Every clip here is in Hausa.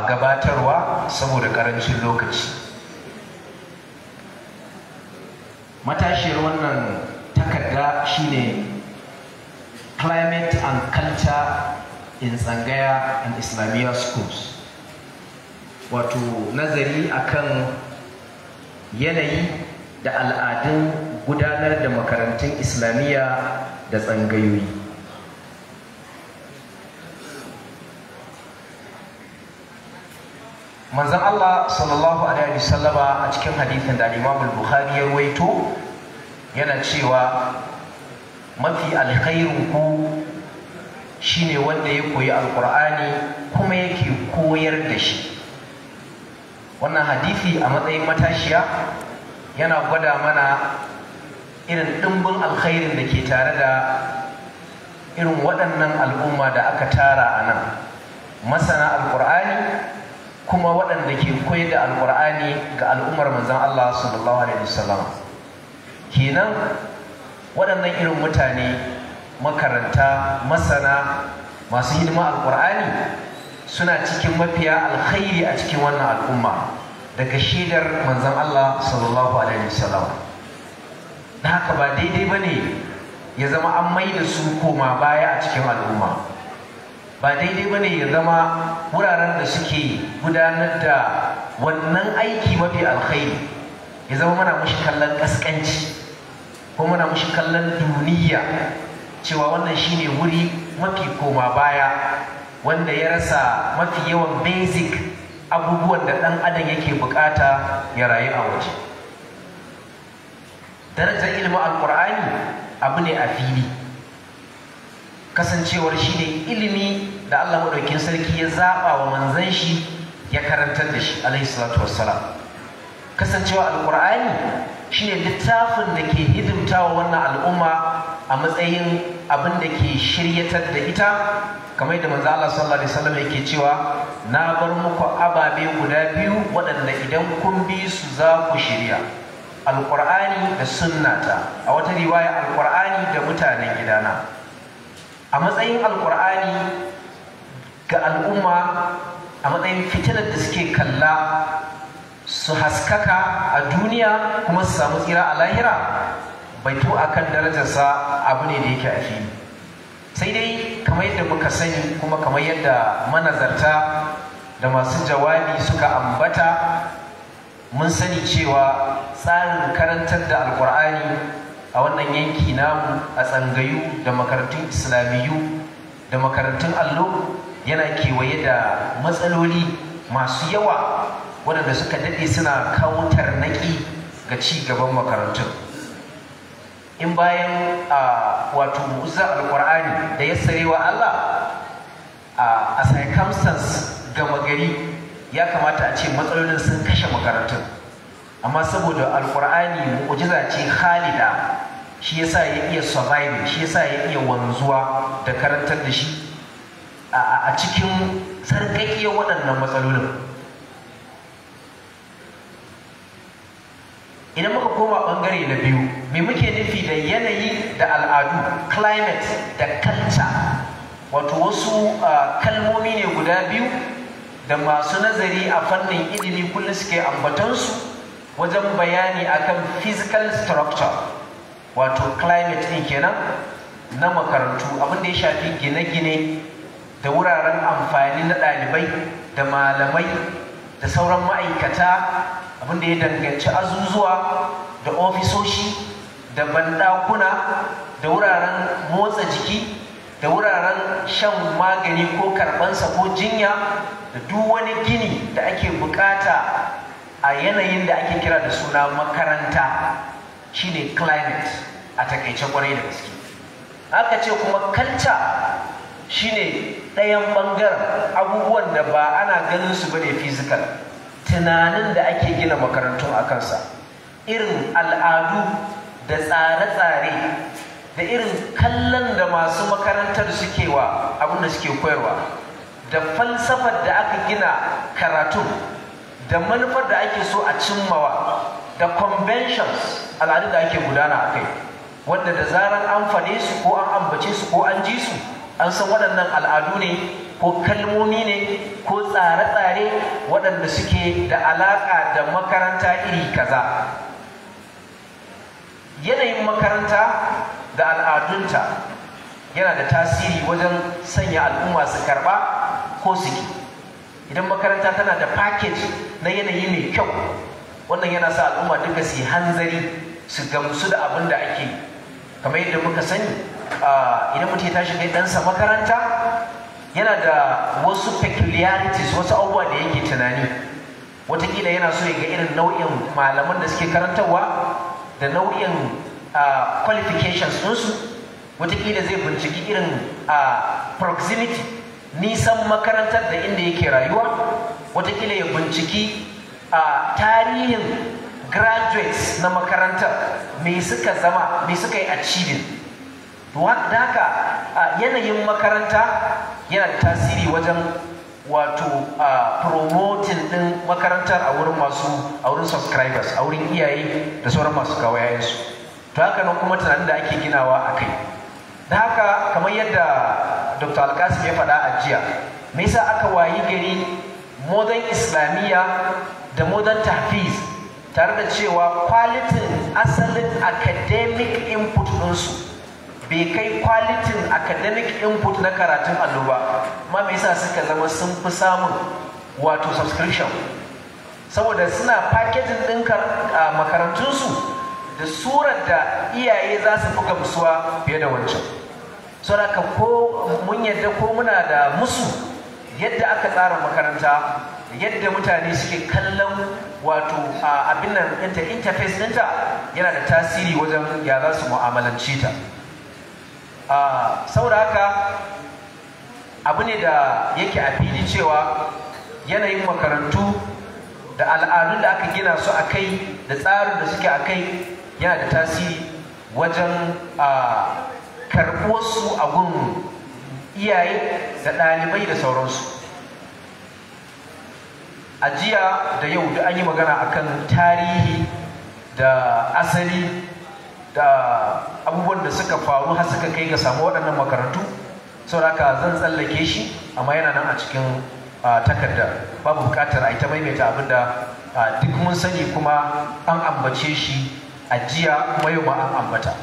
gabatarwa saboda karancin lokaci matashiyar wannan takarda shine climate and culture in tsangaya and islamiyya schools wato nazari akan yanayi da al'adun gudanar da makarantun islamiyya da tsangayoyi manzon Allah sallallahu alaihi wasallama a cikin hadithin da Imam Bukhari ya yana cewa mafi alkhairu ku shine wanda ya koyi alkur'ani kuma yake koyar da shi wannan hadithi a matsayin matashiya yana gwada mana irin ɗimbin alkhairin da ke tare da irin waɗannan al'umma da aka tara a nan masana alkur'ani kuma waɗanda ke koyar da alƙur'ani ga al'ummar manzan Allah sallallahu alaihi wasallam kenan waɗannan irin mutane makaranta masana masu hidima alƙur'ani suna cikin mafiya alkhairi a cikin wannan al'umma daga shaidar manzan Allah sallallahu alaihi wasallam da haka ba daidai bane ya zama an mai da su koma baya a cikin al'umma ba daidai ba ne ya zama wuraren da suke gudanar da wannan aiki mafi alkhairi ya zama muna mushi kallon ƙasƙanci ko muna mushi kallon duniya cewa wannan shine wuri mafi koma baya wanda ya rasa mafi yawan basic abubuwan da ɗan adam yake bukata ya rayu a waje darajar ilimin alkur'ani abu ne a fili kasancewar shi ne ilimi da Allah maɗaukin sarki ya zaba wa manzan shi ya karantar da shi alaihi salatu wassalam kasancewa Alƙur'ani shine littafin da ke hidimta wa wannan al'umma a matsayin abin da ke shiryatar da ita kamar da manzo Allah sallallahu alaihi wasallam yake cewa na bar muku ababe guda biyu waɗanda idan kun bi su za ku shirya Alƙur'ani da sunnata a wata riwaya Alƙur'ani da mutanen gidana a matsayin Alƙur'ani. ga al'umma a matsayin fitilar da suke kalla su haskaka a duniya kuma su samu tsira a lahira batu a kan darajarsa abu ne da yake a fi sai dai kamar yadda muka sani kuma kamar yadda manazarta da masu jawabi suka ambata mun sani cewa tsarin karantar da alkur'ani a wannan yanki namu a tsangayu da makarantun islamiyu da makarantun allo yana kewaye da matsaloli masu yawa waɗanda suka daɗe suna kawo tarnaƙi ga ci gaban makarantun in bayan a wato mu'uzzar alƙur'ani da ya sarewa Allah a circumstance gama gari ya kamata a ce matsalolin sun kashe makarantun amma saboda alƙur'ani mu'ujiza ce khalida shi yasa ya iya surviving shi yasa ya iya wanzuwa da karantar da shi a cikin sarƙaƙiyar waɗannan matsalolin ina muka koma ɓangare na biyu me muke nufi da yanayi da al'adu climate da culture wato wasu kalmomi ne guda biyu da masu nazari a fannin ilimi kullum suke ambatansu wajen bayani akan physical structure wato climate ɗin kenan na makarantu abinda ya shafi gine-gine da wuraren amfani na ɗalibai da malamai da sauran ma'aikata abinda ya danganci azuzuwa da ofisoshi da banɗakuna da wuraren motsa jiki da wuraren shan magani ko karɓansa ko jinya da duk wani gini da ake bukata a yanayin da ake kira da suna makaranta shine climate a takaice kwarai da gaske aka ce kuma culture. shine ɗayan ɓangaren abubuwan da ba ana ganin su bane fizikal tunanin da ake gina makarantun a kansa irin al'adu da tsare-tsare da irin kallon da masu makarantar suke wa abinda suke koyarwa da falsafar da aka gina karatun da manufar da ake so a cimmawa da conventions al'adun da ake gudana a kai wanda da zarar an fane su ko an ambace su ko an ji su an san waɗannan al'adu ne ko kalmomi ne ko tsare-tsare waɗanda suke da alaƙa da makaranta iri kaza yanayin makaranta da al'adunta yana da tasiri wajen sanya al'umma su karɓa ko su ki idan makaranta tana da package na yanayi mai kyau wannan yana sa al'umma duka su yi hanzari su gamsu da abin da ake kamar yadda muka sani Ah, idan mutum ya tashi kai ɗansa makaranta yana da wasu peculiarities wasu abubuwa da yake tunani watakila yana so ya ga irin nau'in malaman da suke karantarwa da nau'in ah, qualifications ɗinsu watakila zai binciki irin ah, proximity nisan makarantar da inda yake rayuwa watakila ya binciki tarihin graduates na makarantar me suka zama me suka yi achieving to haka yanayin makaranta yana da tasiri wajen wato a promoting din makarantar a wurin masu a wurin subscribers a wurin iyaye da sauran masu kawo to haka nan kuma tunanin da ake ginawa a kai da haka kamar yadda dr Alkasi ya faɗa a jiya me yasa aka wayi gari modern islamiyya da modern tahfiz tare da cewa kwalitin asalin academic input ɗinsu bai kai kwalitin academic input na karatun allo ba ma mai sa suka zama sun fi samun wato subscription saboda suna packaging din makarantunsu da surar da iyaye za su fi gamsuwa fiye da wancan da ko mun yadda ko muna da musu yadda aka tsara makaranta yadda mutane suke kallon wato abin nan interface ɗinta yana da tasiri wajen ya za su mu'amalanci ta. Ah, saboda haka abu ne da yake a fili cewa yanayin makarantu da al'adun da aka gina su a kai da tsarin da suke a kai yana da tasiri wajen karɓuwarsu a gun iyaye da ɗalibai da sauransu a jiya da yau da an yi magana akan tarihi da asali da abubuwan da suka faru har suka kai ga samu waɗannan makarantu aka zan tsallake shi amma yana nan a cikin takardar babu bukatar a ita ta maimaita abin da duk mun sani kuma an ambace shi a jiya kuma yau ma an ambata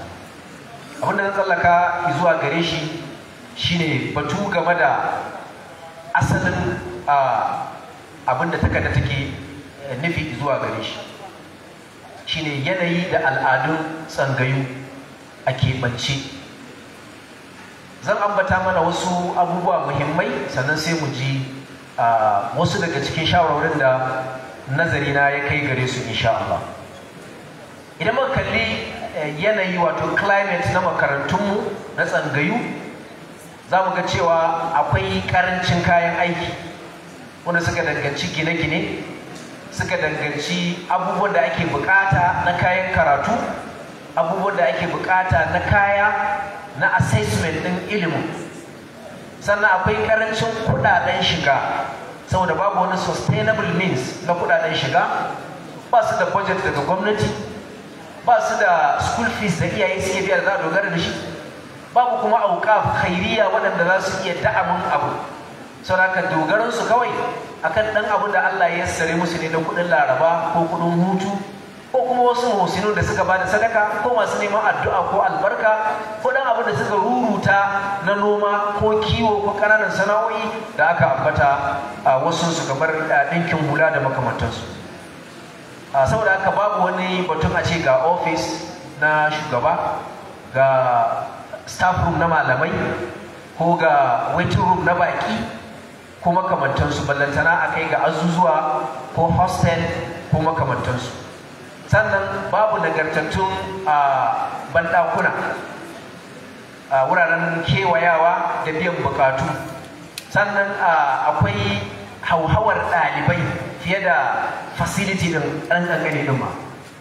abin da zan tsallaka zuwa gare shi shine batu game da asalin abin da takarda take nufi zuwa gare shi shine yanayi da al'adun tsangayu a keɓance zan ambata mana wasu abubuwa muhimmai sannan sai mu ji wasu daga cikin shawarwarin da nazari na ya kai gare su insha Allah idan muka kalli eh, yanayi wato climate na makarantunmu na tsangayu za mu ga cewa akwai karancin kayan aiki wanda suka danganci gine-gine suka danganci abubuwan da ake bukata na kayan karatu abubuwan da ake bukata na kaya na assessment ɗin ilimin sannan akwai karancin kudaden shiga saboda babu wani sustainable means na kudaden shiga ba su da budget daga gwamnati ba su da school fees da iyaye suke biya da za a dogara da shi babu kuma auka khairiya waɗanda za su iya da'amin abu saboda dogaransu kawai akan ɗan abun da Allah ya sare musu ne na kuɗin laraba ko kuɗin hutu ko kuma wasu musinu da suka bada sadaka ko masu neman addu'a ko albarka ko dan abu da suka ruruta na noma ko kiwo ko ƙananan sana'o'i da aka ambata a wasu su kamar ɗinkin hula da makamantansu saboda haka babu wani batun a ce ga ofis na shugaba ga staff room na malamai ko ga waiting room na baki ko makamantansu ballantana a kai ga azuzuwa ko hostel ko makamantansu sannan babu nagartattun a banɗakuna a wuraren kewayawa da biyan bukatu sannan akwai hauhawar ɗalibai fiye da fasiliti ɗin ɗan ƙanƙani ɗin ma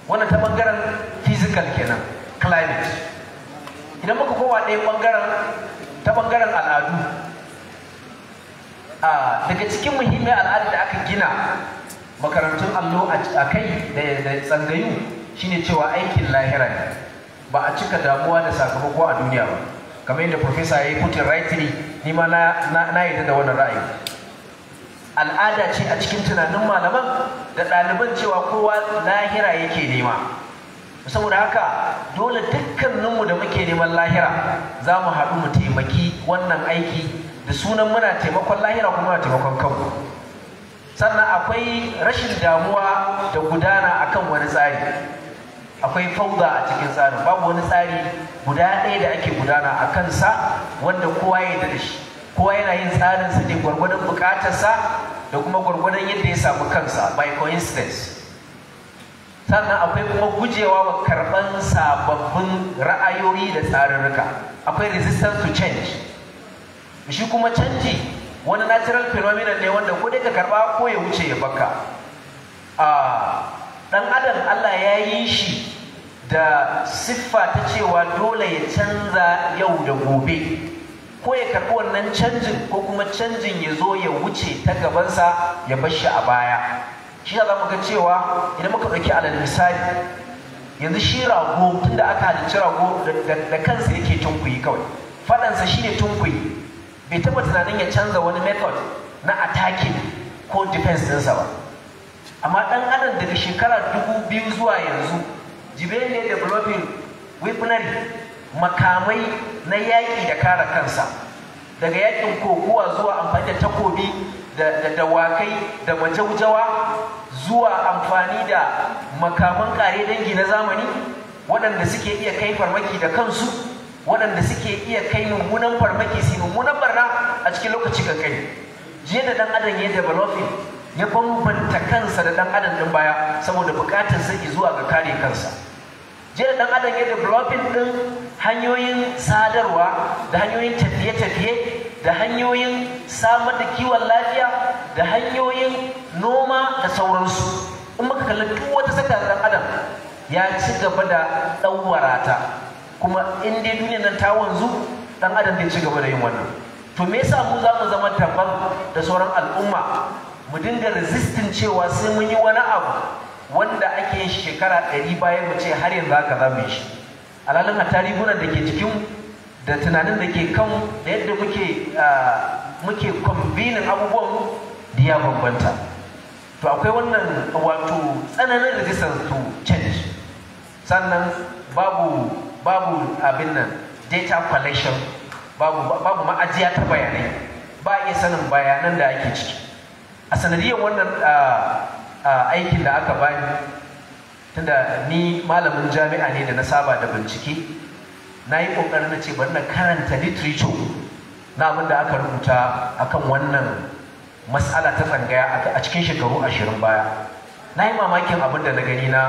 wannan ta ɓangaren physical kenan climate idan muka kowa ɗaya ɓangaren ta ɓangaren al'adu Ah, daga cikin muhimmin al'adar da aka gina makarantun allo a kai da tsangayu shine cewa aikin lahira ne ba a cika damuwa da sakamako a duniya ba kamar yadda profesa ya yi putin rightly ni ma na yi da wani ra'ayi al'ada ce a cikin tunanin malaman da ɗaliban cewa kowa lahira yake nema saboda haka dole dukkaninmu da muke neman lahira za mu haɗu mu taimaki wannan aiki da sunan muna taimakon lahira kuma muna taimakon kanku sannan akwai rashin damuwa da gudana akan wani tsari akwai fauda a cikin tsarin babu wani tsari guda ɗaya da ake gudana a kansa wanda kowa ya da shi kowa yana yin tsarin sa ne gwargwadon bukatarsa da kuma gwargwadon yadda ya samu kansa by coincidence sannan akwai kuma gujewa wa karɓan sababbin ra'ayoyi da tsarurruka akwai resistance to change shi kuma canji wani natural phenomenon ne wanda ko dai ka karba ko ya wuce ya baka a dan adam Allah ya yi shi da siffa ta cewa dole ya canza yau da gobe ko ya karbi wannan canjin ko kuma canjin ya zo ya wuce ta gabansa ya bar shi a baya shi za mu ga cewa idan muka ɗauki alal misali yanzu shi rago tunda aka halicci rago da kansa yake tunkuyi kawai faɗansa shine tunkuyi bai taɓa tunanin ya canza wani method na attacking ko defense ɗinsa ba amma ɗan adam daga shekara dubu biyu zuwa yanzu jibe ne developing weaponry makamai na yaƙi da kare kansa daga yaƙin kokowa zuwa amfani da takobi da dawakai da majaujawa zuwa amfani da makaman kare dangi na zamani waɗanda suke iya kai farmaki da kansu waɗanda suke iya kai mummunan farmaki su mummunan barna a cikin lokaci kai. jiya da ɗan adam ya developing ya bambanta kansa da ɗan adam ɗin baya saboda buƙatar sa zuwa ga kare kansa jiya da ɗan adam ya developing ɗin hanyoyin sadarwa da hanyoyin tafiye-tafiye da hanyoyin samar da kiwon lafiya da hanyoyin noma da sauransu in muka kalli duk wata saka ɗan adam ya ci gaba da ɗauwarata kuma in dai duniyar nan ta wanzu dan adam zai ci gaba da yin wannan to me yasa mu za mu zama daban da sauran al'umma mu dinga resisting cewa sai mun yi wani abu wanda ake yin shekara ɗari bayan mu ce har yanzu haka za mu yi shi alhalin a tarihunan da ke jikin da tunanin da ke kan da yadda muke ah, muke kwambinin abubuwan da ya bambanta to akwai wannan wato tsananin resistance to change sannan babu babu abin nan data collection babu babu ma'ajiya ta bayanai ba iya sanin bayanan da ake ciki a sanadiyar wannan aikin da aka bani tunda ni malamin jami'a ne da na saba da bincike na yi ƙoƙarin na ce bari na karanta literature na abin da aka rubuta akan wannan matsala ta tsangaya a cikin shekaru ashirin baya na yi mamakin abin da na gani na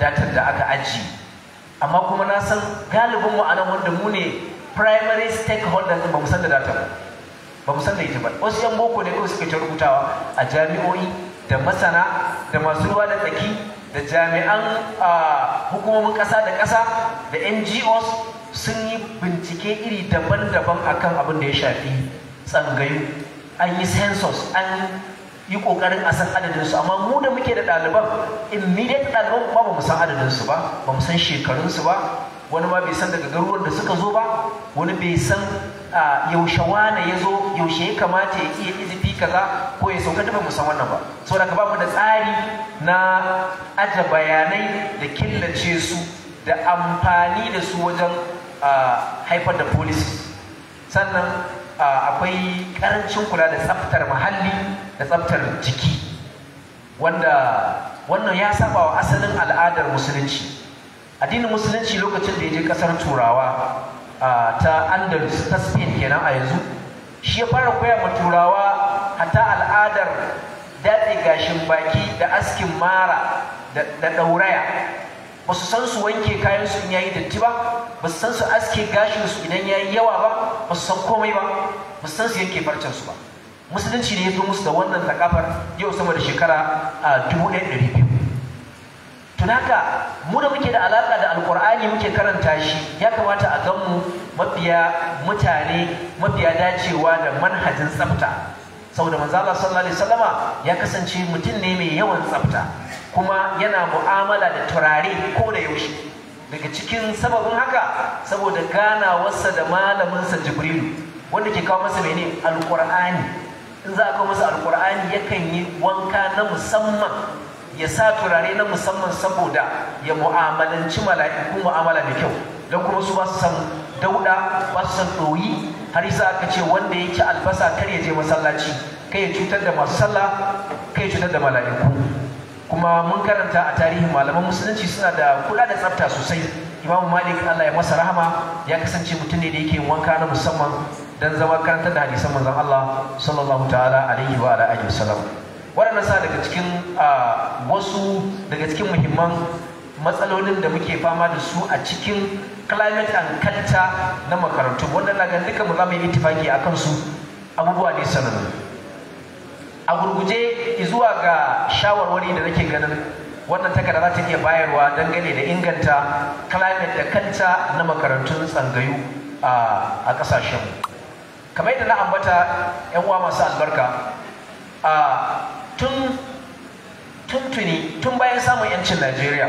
datar da aka ajiye amma kuma na san galibin mu anan wanda mu ne primary stakeholder ba mu san da data ba ba mu san da ita ba wasu yan boko ne kawai suke ta rubutawa a jami'o'i da masana da masu ruwa da tsaki da jami'an hukumomin ƙasa da ƙasa da ngos sun yi bincike iri daban-daban akan abin da ya shafi tsangayu an yi census an yi kokarin a san adadin su amma mu da muke da ɗaliban immediate ɗaliban ba mu san adadin ba ba mu san shekarun su ba wani ma bai san daga garuruwan da suka zo ba wani bai san yaushe wane ya zo yaushe ya kamata ya iya izifi kaza ko ya sauka da ba mu san wannan ba saboda ka ba mu da tsari na aje bayanai da killace su da amfani da su wajen haifar da policy sannan akwai karancin kula da tsaftar muhalli da tsaftar jiki wanda wannan ya saba wa asalin al'adar musulunci addinin musulunci lokacin da ya je kasar turawa ta andalus ta spain kenan a yanzu shi ya fara koya ma turawa hatta al'adar daɗe gashin baki da askin mara da ɗauraya ba su san su wanke kayan su in yayi datti ba ba su san su aske gashin su idan yayi yawa ba ba su san komai ba ba su san su yanke farcen su ba musulunci ne ya zo musu da wannan takafar yau sama da shekara a dubu ɗaya ɗari biyu tunaka mu da muke da alaƙa da alƙur'ani muke karanta shi ya kamata a ganmu mafiya mutane mafiya dacewa da manhajin tsafta saboda manzo sallallahu alaihi wasallama ya kasance mutum ne mai yawan tsafta kuma yana mu'amala da turare ko da yaushe daga cikin sababin haka saboda ganawarsa da malaminsa Jibrilu wanda ke kawo masa mene alqur'ani in za a kawo masa alqur'ani yakan yi wanka na musamman ya sa turare na musamman saboda ya mu'amalanci mala'iku mu'amala da kyau don kuma su ba su san dauda ba su ɗoyi har yasa aka ce wanda ya ci albasa kar ya je masallaci kai ya cutar da masu sallah kai ya cutar da mala'iku kuma mun karanta a tarihin malaman musulunci suna da kula da tsafta sosai imamu malik allah ya masa rahama ya kasance mutum ne da yake wanka na musamman don zama karantar da hadisan manzon allah sallallahu ta'ala alaihi wa ala alihi wasallam waɗannan sa daga cikin ah, wasu daga cikin muhimman matsalolin da muke fama da su a cikin climate and culture na makarantu wanda na gan duka mu za mu yi itifaki a kansu abubuwa ne sanannu a gurguje zuwa ga shawarwari da nake ganin wannan takarda za ta iya bayarwa dangane da inganta climate da kanta na makarantun tsangayu a kasashen kamar yadda na ambata yan uwa masu albarka tun tuni tun bayan samun yancin najeriya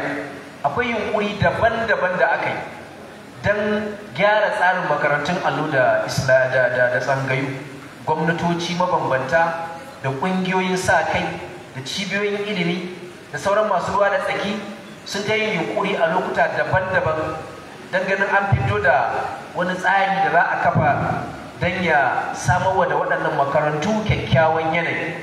akwai yunkuri daban-daban da aka yi don gyara tsarin makarantun allo da da tsangayu gwamnatoci mabambanta da ƙungiyoyin sa kai da cibiyoyin ilimi da sauran masu ruwa da tsaki sun ta yin yunkuri a lokuta daban-daban don ganin an fito da wani tsari da za a kafa don ya samarwa da waɗannan makarantu kyakkyawan yanayi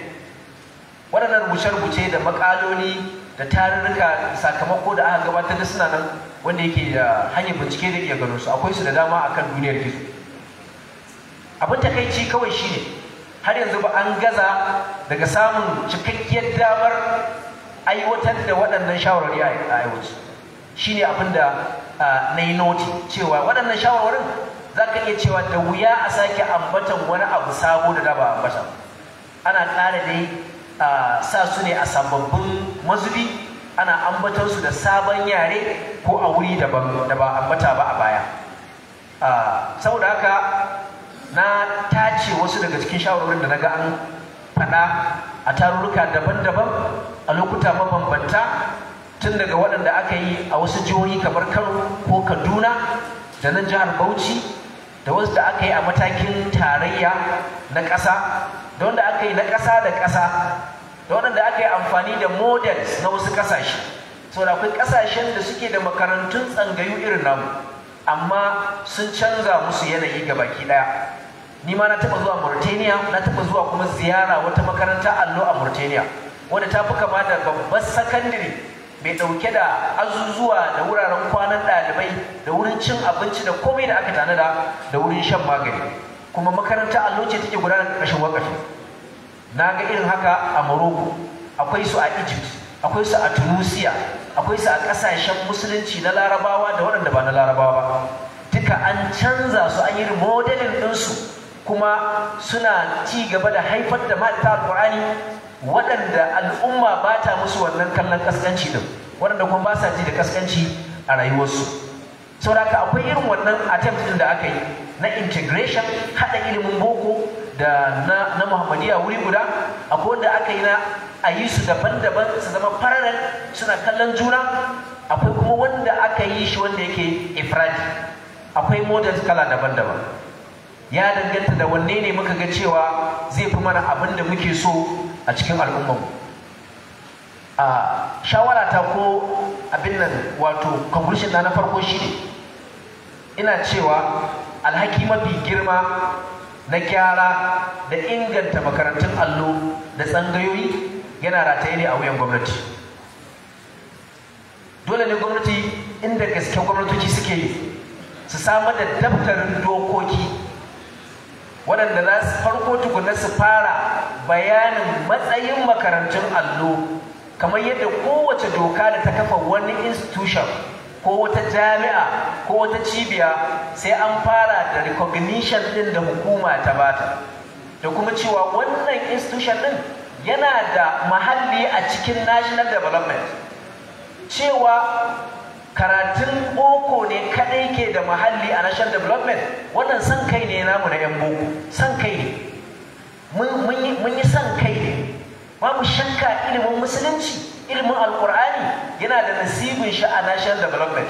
waɗannan rubuce-rubuce da makaloli da tarurruka sakamako da aka gabatar da suna nan wanda yake da hanyar bincike da iya gano su akwai su da dama akan duniyar gizo abin takaici kawai shine har yanzu ba an gaza daga samun cikakkiyar damar aiwatar da waɗannan shawarwari a shi shine abin da na yi noti cewa waɗannan shawarwarin za ka iya cewa da wuya a sake ambatan wani abu sabo da daba ambata ana ƙara dai a sa su ne a sababbin mazubi ana ambatar su da sabon yare ko a wuri da ba ambata ba a baya saboda haka na tace wasu daga cikin shawarwarin da na ga an faɗa a tarurruka daban-daban a lokuta mabambanta tun daga waɗanda aka yi a wasu jihohi kamar kano ko kaduna da nan jihar bauchi da wasu da aka yi a matakin tarayya na ƙasa da wanda aka yi na ƙasa da ƙasa da waɗanda aka yi amfani da models na wasu ƙasashe da akwai ƙasashen da suke da makarantun tsangayu irin namu amma sun canza musu yanayi ga baki ɗaya ni ma na taɓa zuwa mauritania na taɓa zuwa kuma ziyara wata makaranta allo a mauritania wadda ta fi kama da babbar sakandare mai ɗauke da azuzuwa da wuraren kwanan ɗalibai da wurin cin abinci da komai da aka tanada da wurin shan magani kuma makaranta allo ce take gudanar ƙarshen wakafi na ga irin haka a morocco akwai su a egypt akwai su a tunisia akwai su a ƙasashen musulunci na larabawa da waɗanda ba na larabawa ba duka an canza su an yi modelin ɗinsu kuma suna ci gaba da haifar da mata qurani waɗanda al'umma ba ta musu wannan kallon kaskanci ɗin waɗanda kuma ba sa ji da kaskanci a rayuwarsu saboda akwai irin wannan attempt ɗin da aka yi na integration haɗa ilimin boko da na, na muhammadiya wuri guda akwai wanda aka yi na a yi su daban-daban su zama fararen suna kallon juna akwai kuma wanda aka yi shi wanda yake ifradi akwai models kala daban-daban ya danganta da wanne ne muka ga cewa zai fi mana abin da muke so a cikin al'ummarmu a shawara ta ko abin nan wato conclusion na na farko shine ina cewa alhaki mafi girma na gyara da inganta makarantun allo da tsangayoyi yana rataye ne a wuyan gwamnati dole ne gwamnati inda gaske gwamnatoci suke yi su samar da daftarin dokoki waɗanda za su farko tukuna su fara bayanin matsayin makarantun allo kamar yadda kowace doka da ta kafa wani institution ko wata jami'a ko wata cibiya sai an fara da recognition din da hukuma ta bata da kuma cewa wannan institution din yana da mahalli a cikin national development cewa karatun boko ne kadai ke da mahalli a national development wannan san kai ne mu na 'yan boko san kai ne mun yi san kai ne ba mu shakka ilimin musulunci ilimin alkur'ani yana da nasibin shi a national development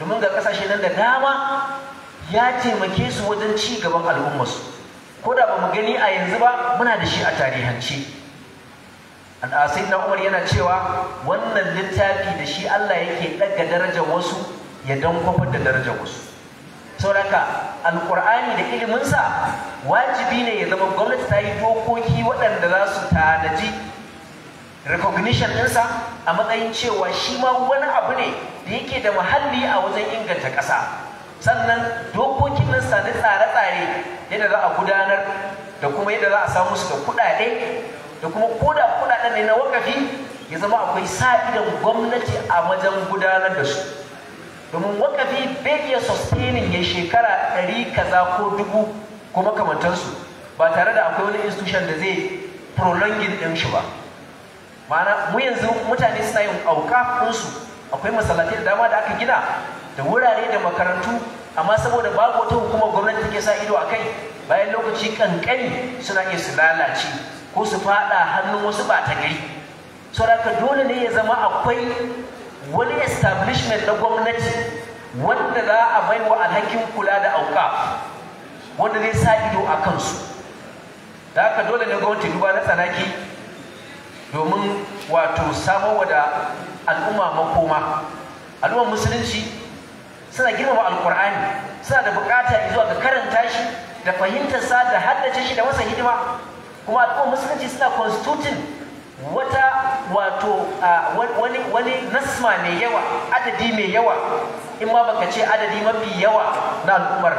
domin ga kasashe nan da dama ya taimake su wajen ci gaban al'ummarsu ko da ba mu gani a yanzu ba muna da shi a tarihance sai na umar yana cewa wannan littafi da shi Allah yake ɗaga darajar wasu ya don da darajar wasu sauraka alkur'ani da iliminsa wajibi ne ya zama gwamnati ta yi dokoki waɗanda za su tanaji recognition ɗinsa a matsayin cewa shi ma wani abu ne da yake da muhalli a wajen inganta ƙasa sannan dokokin nan sani tsare-tsare yadda za a gudanar da kuma yadda za a samu su da kuɗaɗe da kuma koda kuɗaɗen ne na wakafi ya zama akwai sa'idan gwamnati a wajen gudanar da su domin wakafi bai iya sustaining ya shekara ɗari kaza ko dubu ko makamantansu ba tare da akwai wani institution da zai prolonging ɗin shi ba ma'ana mu yanzu mutane suna yin auka kunsu, akwai masallatai da dama da aka gina da wurare da makarantu amma saboda babu wata hukumar gwamnati ke sa ido a kai bayan lokaci kankani suna iya su lalace ko su faɗa hannun wasu ba ta gari saboda dole ne ya zama akwai wani establishment na gwamnati wanda za a bai wa alhakin kula da auka wanda zai sa ido a kansu da haka dole ne gwamnati duba na tsanaki domin wato wa da al'umma makoma al'ummar musulunci suna girmama alkur'ani suna da bukata zuwa ga karanta shi da fahimtar sa da haddace shi da masa hidima kuma al'ummar musulunci suna constituting wata wato wani wani nasma mai yawa adadi mai yawa in ma baka ce adadi mafi yawa na al'ummar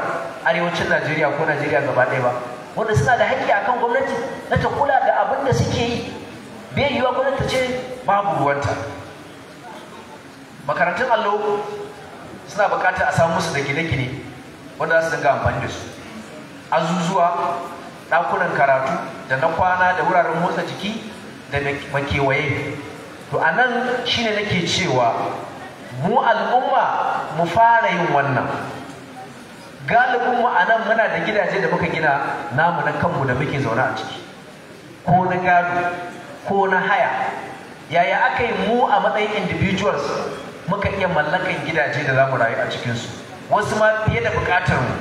arewacin Najeriya ko Najeriya gaba ɗaya ba wanda suna da haƙƙi akan gwamnati na ta kula da abin da suke yi bai wa gwamnati ce babu ruwanta makarantun allo suna bukatar a samu su da gine-gine wanda za su dinga amfani da su azuzuwa ɗakunan karatu da na kwana da wuraren motsa jiki da makewaye to a nan shine nake cewa mu al'umma mu fara yin wannan galibin mu a nan muna da gidaje da muka gina namu na kanmu da muke zaune a ciki ko na gado ko na haya yaya aka yi mu a matsayin individuals muka iya mallakan gidaje da za mu rayu a cikinsu wasu ma fiye da buƙatar mu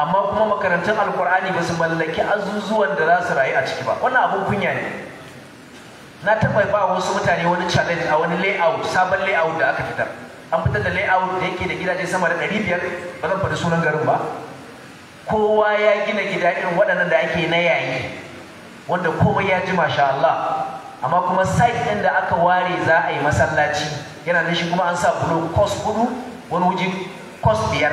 amma kuma makarantun alkur'ani ba su mallaki azuzuwan da za su rayu a ciki ba wannan abun kunya ne na taɓa ba wasu mutane wani challenge a wani layout sabon layout da aka fitar an fitar da layout da yake da gidaje sama da ɗari biyar ba zan faɗi sunan garin ba kowa ya gina gida irin waɗannan da ake na yayi wanda komai ya ji masha Allah amma kuma site ɗin da aka ware za a yi masallaci yana nan shi kuma an sa bulo kos hudu wani wuji kos biyar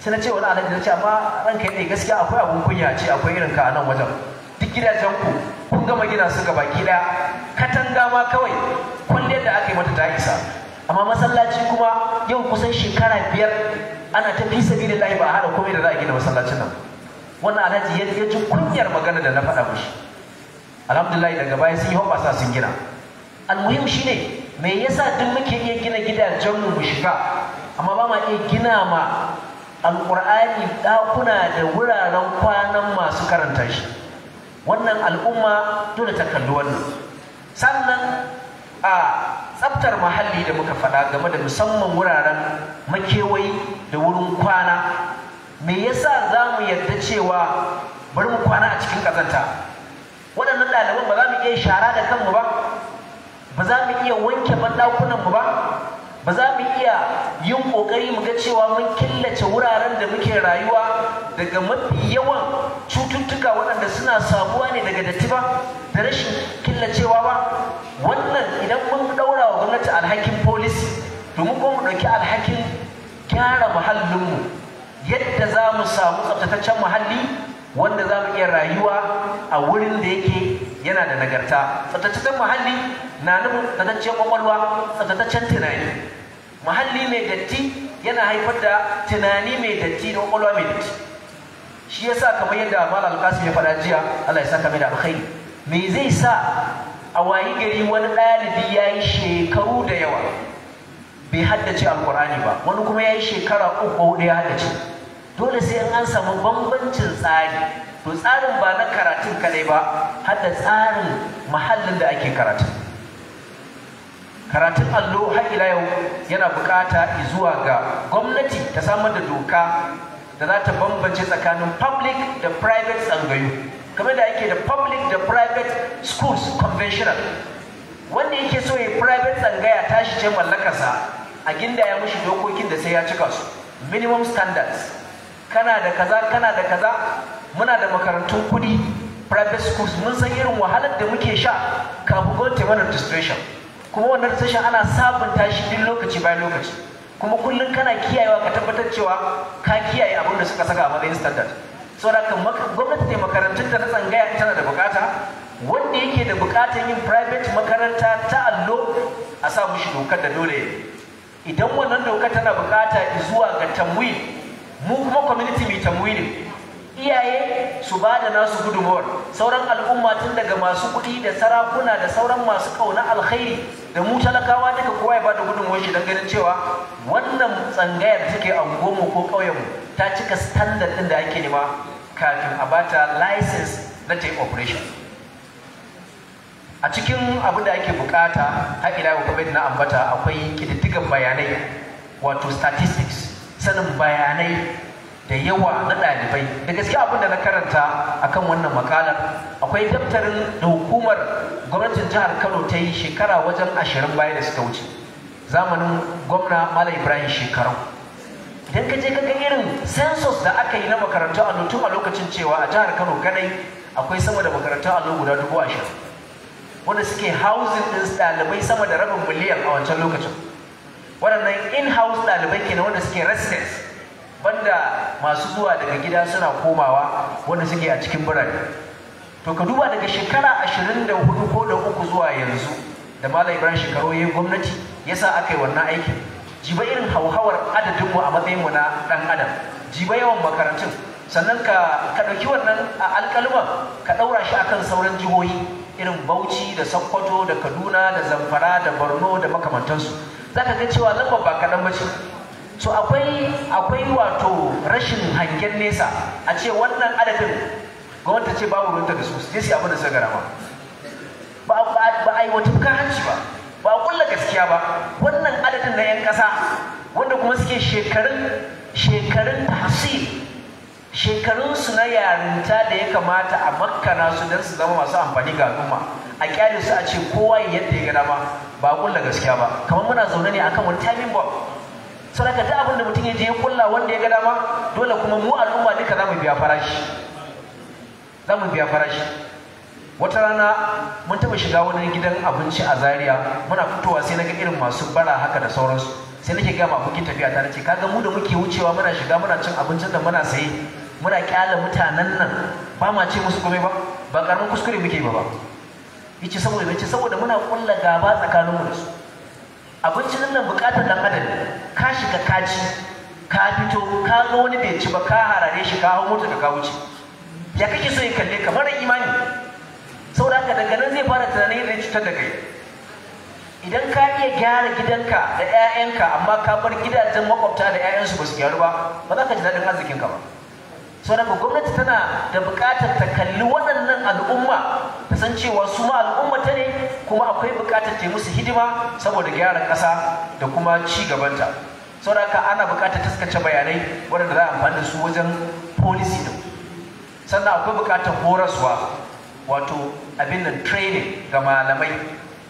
sai ce wani alaji na ce amma ranka yadda gaskiya akwai abun kunya ce akwai irin ka a nan wajen duk gidajen ku kun gama gina su gaba gida katanga ma kawai kwalliyar da aka yi mata ta isa amma masallaci kuma yau kusan shekara biyar ana ta fi sabi da ba a haɗa komai da za a gina masallacin nan wannan alhaji ya ji kunyar magana da na faɗa mushi alhamdulillah daga baya sun yi sa sun gina almuhim shine me yasa duk muke iya gina gidajen mu shiga amma ba ma iya gina ma alƙur'ani ɗakuna da wuraren kwanan masu karanta shi wannan al'umma dole ta kalli wannan sannan a tsaftar muhalli da muka faɗa game da musamman wuraren makewayi da wurin kwana me yasa za mu yarda cewa bari mu kwana a cikin ƙazanta waɗannan ɗaliban ba za mu iya shara da kanmu ba ba za mu iya wanke banɗakunanmu ba ba za mu iya yin ƙoƙari mu ga cewa mun killace wuraren da muke rayuwa daga mafi yawan cututtuka waɗanda suna sabuwa ne daga datti ba da rashin killacewa ba wannan idan mun ɗaura wa gwamnati alhakin folis, domin kuma mu ɗauki alhakin gyara muhallinmu yadda za mu samu tsaftataccen muhalli wanda za mu iya rayuwa a wurin da yake yana da nagarta tsaftataccen muhalli na nufin tsaftataccen kwakwalwa tsaftataccen tunani muhalli mai datti yana haifar da tunani mai datti da kwakwalwa mai datti shi yasa kamar yadda amal alkasim ya faɗa jiya Allah ya sa kamar da alkhairi me zai sa a wayi gari wani ɗalibi ya yi shekaru da yawa bai haddace alkur'ani ba wani kuma ya yi shekara uku hudu ya haddace dole sai an samu bambancin tsari to tsarin ba na karatun kadai ba har tsarin mahallin da ake karatu karatun allo har ila yau yana bukata zuwa ga gwamnati ta samar da doka da za ta bambance tsakanin public da private tsangayu kamar da ake da public da private schools conventional wanda yake so ya private tsangaya tashi ce mallakarsa a ginda ya mushi dokokin da sai ya cika su minimum standards kana da kaza kana da kaza muna da makarantun kudi private schools mun san irin wahalar da muke sha kafin gwamnati mana registration kuma wannan registration ana sabunta shi duk lokaci bayan lokaci kuma kullum kana kiyayewa ka tabbatar cewa ka kiyaye abin da suka saka a matsayin standard da kan gwamnati ne makarantun da na tsangaya tana da bukata wanda yake da bukatar yin private makaranta ta allo a sa mushi dokar da dole idan wannan dokar tana bukata zuwa ga tamwi mu kuma community mai tamwili iyaye su ba da nasu gudunmuwar sauran al'umma tun daga masu kuɗi da sarakuna da sauran masu ƙauna alkhairi da mu talakawa daga kowa ya ba da gudunmuwar shi don ganin cewa wannan tsangayar take a gomu ko ƙauyenmu ta cika standard ɗin da ake nema kafin a bata license na ta operation a cikin abin da ake bukata har ila yau na ambata akwai kididdigan bayanai wato statistics sanin bayanai da yawa na ɗalibai da gaske abin da na karanta a kan wannan makalar akwai daftarin da hukumar gwamnatin jihar kano ta yi shekara wajen ashirin baya da suka wuce zamanin gwamna malam ibrahim shekaru idan ka je ka ga irin census da aka yi na makarantu a tun a lokacin cewa a jihar kano kadai akwai sama da makarantu a guda dubu ashirin wanda suke housing ɗin ɗalibai sama da rabin miliyan a wancan lokacin waɗannan in-house ɗalibai kenan wanda suke restless banda masu zuwa daga gida suna komawa wanda suke a cikin birane to ka duba daga shekara ashirin da hudu ko da uku zuwa yanzu da malam ibrahim shekaru ya gwamnati ya sa aka yi wannan aikin jiba irin hauhawar adadinmu a matsayinmu na ɗan adam jiba yawan makarantun sannan ka ka ɗauki wannan a alƙalman ka ɗaura shi akan sauran jihohi irin bauchi da sokoto da kaduna da zamfara da borno da makamantansu zaka ga cewa lambar ba kaɗan ba ce so akwai akwai wato rashin hangen nesa a ce wannan adadin gwamnati ce babu ruwanta da su sai su abin da suka garama ba ba a yi wata hanci ba ba a kulla gaskiya ba wannan adadin na 'yan kasa wanda kuma suke shekarun shekarun tahsil shekarunsu na yarinta da ya kamata a makkana su don su zama masu amfani ga al'umma a kyale su a ce kowa yadda ya ga dama ba kulla gaskiya ba kamar muna zaune ne akan wani timing bomb sadaka duk abin da mutum ya je ya kulla wanda ya ga dama dole kuma mu al'umma duka za mu biya farashi za mu biya farashi wata rana mun taɓa shiga wani gidan abinci a zaria muna fitowa sai na ga irin masu bara haka da sauransu sai nake gama abokin tafiya ta nace kaga mu da muke wucewa muna shiga muna cin abincin da muna saye muna kyala mutanen nan ba ma ce musu komai ba ba karamin kuskure muke ba ba yace saboda yace saboda muna kulla gaba tsakanin mu da su abincin nan bukatar dan adam ka shiga kaci ka fito ka zo wani bai ci ba ka harare shi ka hawo mota ka wuce ya kake so ya kalle ka mara imani saboda haka daga nan zai fara tunanin da cutar da kai idan ka iya gyara gidanka da 'ya'yanka amma ka bar gidajen makwabta da 'ya'yansu ba su gyaru ba ba za ka ji daɗin arzikinka ba sanarwa gwamnati tana da bukatar ta kalli waɗannan al'umma ta san cewa su ma al'umma ta ne kuma akwai bukatar ta musu hidima saboda gyara ƙasa da kuma ci gabanta sauraka ana bukatar taskace bayanai waɗanda za a amfani da su wajen policy din sannan akwai bukatar horaswa wato abin nan training ga malamai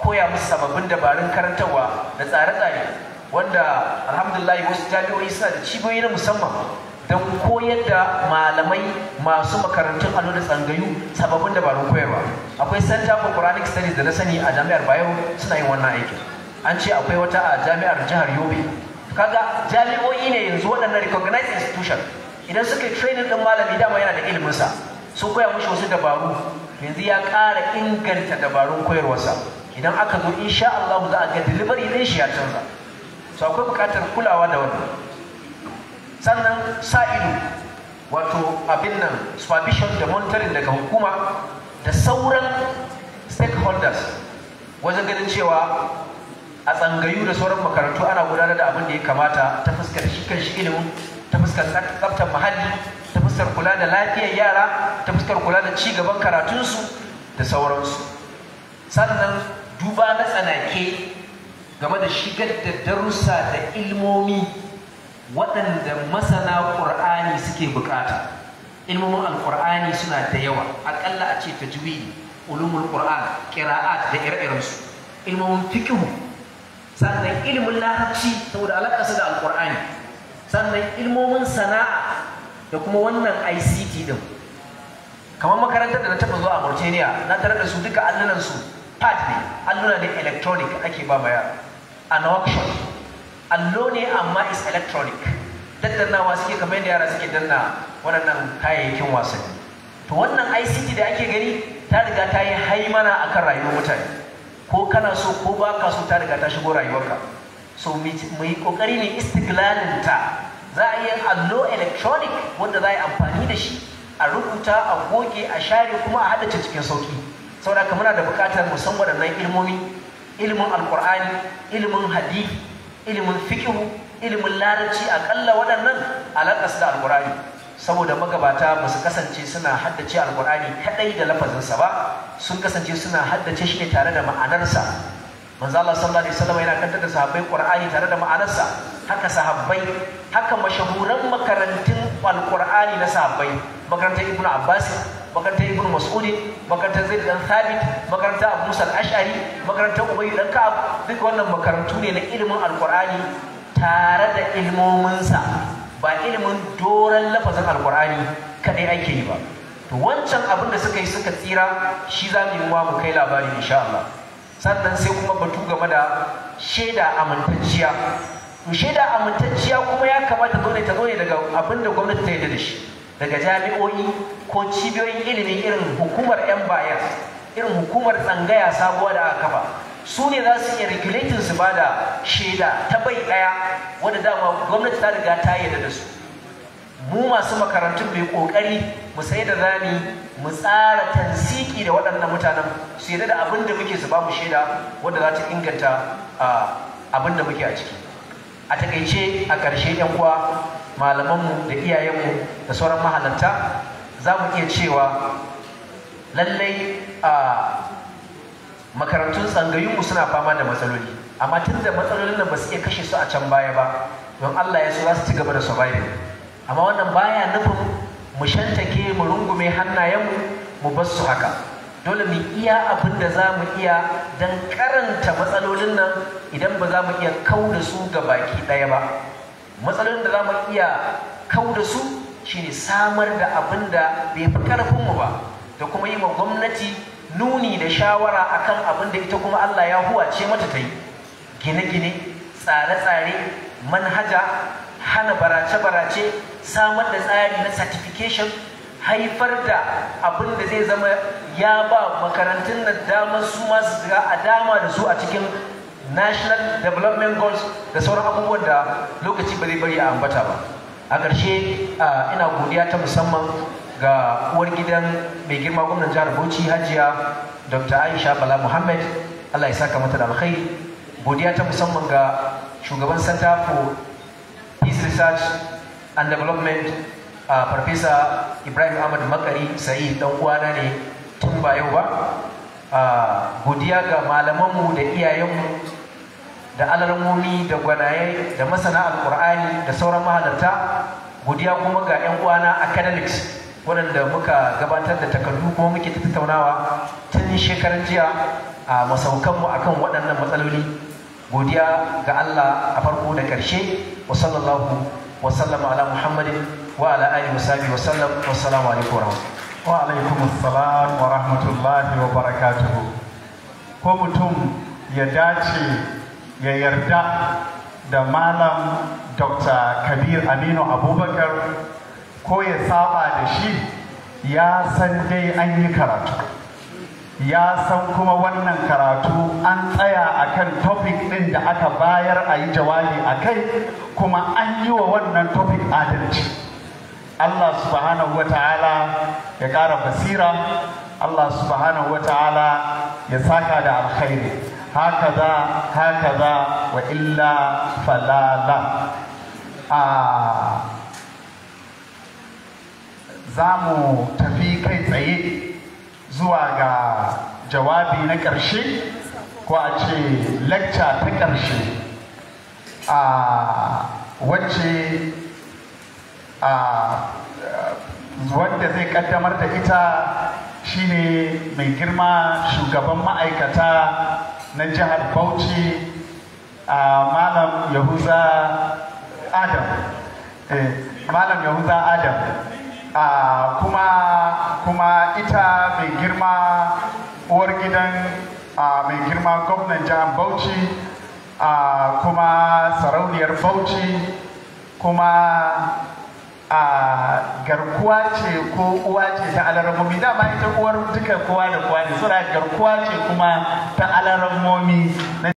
koya musu sababbin dabarun karantarwa da tsare-tsare wanda alhamdulillah wasu jami'o'i suna da cibiyoyi na musamman don koyar da malamai masu makarantun allo da tsangayu sababbin dabarun koyarwa akwai center for quranic studies da na sani a jami'ar bayo suna yin wannan aikin an ce akwai wata a jami'ar jihar yobe kaga jami'o'i ne yanzu waɗannan recognized institution idan suka yi training ɗin malami dama yana da ilimin sa su koya mushi wasu dabaru yanzu ya ƙara inganta dabarun koyarwarsa idan aka zo insha Allah za a ga delivery ɗin shi ya canza so akwai buƙatar kulawa da wannan sannan sa ido wato abin nan supervision da monitoring daga hukuma da sauran stakeholders wajen ganin cewa a tsangayu da sauran makarantu ana gudanar da abin da ya kamata ta fuskar shi kan shi ilimin ta fuskar tsaftar muhalli ta fuskar kula da lafiyar yara ta fuskar kula da ci gaban karatunsu da sauransu sannan duba na tsanake game da shigar da darussa da ilmomi waɗanda masana ƙur'ani suke bukata ilmomin alƙur'ani suna da yawa aƙalla a ce ta tajwidi ulumin ƙur'an qira'at da ire ilmomin fiqh sannan ilmin larabci saboda alaƙasa da alƙur'ani sannan ilmomin sana'a da kuma wannan ICT din kamar makarantar da na taɓa zuwa a Mauritania na tare da su duka allunansu pad ne alluna ne electronic ake ba yara a na workshop allo ne amma is electronic daddannawa suke kamar yadda yara suke danna waɗannan kayayyakin wasanni to wannan ICT da ake gani ta riga ta yi haimana akan rayuwar mutane ko kana so ko ba ka so ta riga ta shigo rayuwarka so mu yi kokari ne istiglalin ta za a yi allo electronic wanda za a yi amfani da shi a rubuta a goge a share kuma a haɗa cikin sauki saboda muna da buƙatar musamman waɗannan ilmomi ilimin alkur'ani ilimin hadith ilimin fikihu ilimin larabci akalla waɗannan alaƙas da alƙur'ani saboda magabata ba su kasance suna haddace alƙur'ani kaɗai da lafazinsa ba sun kasance suna haddace shi ne tare da ma'anarsa manzo Allah sallallahu alaihi wasallam yana kantar da sahabbai Qur'ani tare da ma'anarsa haka sahabbai haka mashahuran makarantun alƙur'ani na sahabbai makarantar ibnu Abbas makarantar ibn mas'udin makarantar zaid dan thabit makarantar abu musa al-ash'ari makarantar ubay dan ka'ab duk wannan makarantu ne na ilimin alqur'ani tare da ilmominsa ba ilimin doran lafazin alqur'ani kadai ake yi ba to wancan abin da suka yi suka tsira shi za mu yi wa mu kai labari insha Allah sannan sai kuma batu game da shaida amintacciya to shaida amintacciya kuma ya kamata dole ta zo ne daga abin da gwamnati ta yarda da shi daga jami'o'i ko cibiyoyin ilimin irin hukumar 'yan bayan irin hukumar tsangaya sabuwa da aka kafa su ne za su iya regulating su ba da shaida ta bai ɗaya wadda dama gwamnati ta riga ta yi da su mu masu makarantun mai kokari mu sai da zani mu tsara tansiki da waɗannan mutanen su yadda da abin da muke su ba mu shaida wadda za ta inganta ah, abin da muke a ciki a takaice a ƙarshe yan kuwa. malamanmu da iyayenmu da sauran mahalarta za mu iya cewa lallai a makarantun tsangayunmu suna fama da matsaloli amma tun da matsalolin nan ba su iya kashe su a can baya ba don allah ya so za su ci gaba da surviving amma wannan baya nufin mu shantake mu rungume hannayenmu mu bar su haka dole mu iya abin da za mu iya don karanta matsalolin nan idan ba za mu iya kau da su ga baki ɗaya ba matsalolin da za mu iya kau da su shine samar da abin da bai fi ƙarfinmu ba da kuma yi ma gwamnati nuni da shawara akan abin da ita kuma Allah ya huwace mata ta yi gine-gine tsare-tsare manhaja hana barace-barace samar da tsari na certification haifar da abin da zai zama ya ba makarantun da damar su masu a dama da su a cikin national development goals da sauran abubuwan da lokaci bari bari a ambata ba a ƙarshe ina godiya ta musamman ga uwar gidan mai girma gwamnan jihar bauchi hajiya dr aisha bala muhammad allah ya saka mata da alkhairi godiya ta musamman ga shugaban center for peace research and development a farfesa ibrahim ahmad makari sa'i dan uwana ne tun ba yau ba godiya ga malamanmu da iyayenmu da alarmomi da gwanaye da masana alkur'ani da sauran mahalarta godiya kuma ga 'yan uwana academics waɗanda muka gabatar da takardu kuma muke tattaunawa tun shekaran jiya a masaukanmu akan waɗannan matsaloli godiya ga allah a farko da ƙarshe wa sallallahu wa sallama ala muhammadin wa ala alihi wa wa sallam wa salamu alaikum wa wa alaikum assalam wa rahmatullahi wa barakatuhu ko mutum ya dace ya yarda da malam dr kabir aminu abubakar ko ya saba da shi ya san dai an yi karatu ya san kuma wannan karatu an tsaya a kan topic ɗin da aka bayar a yi jawabi a kai kuma an yi wa wannan topic adalci Allah subhanahu wa ta'ala ya ƙara basira Allah subhanahu wa ta'ala ya saka da alkhairi hakaza hakaza wa illa falala a za mu tafi kai tsaye zuwa ga jawabi na ƙarshe ko a ce lecture ta ƙarshe a wacce a wanda zai kaddamar da ita shine mai girma shugaban ma'aikata na jihar bauchi a malam yahuza adam eh, malam yahuza adam kuma kuma ita mai girma uwar gidan mai girma gwamnan jihar bauchi kuma sarauniyar bauchi kuma a garkuwa ce ko uwa ce ta alarmomi dama ita uwar duka kowa da kowa ne suna garkuwa ce kuma ta alarmomi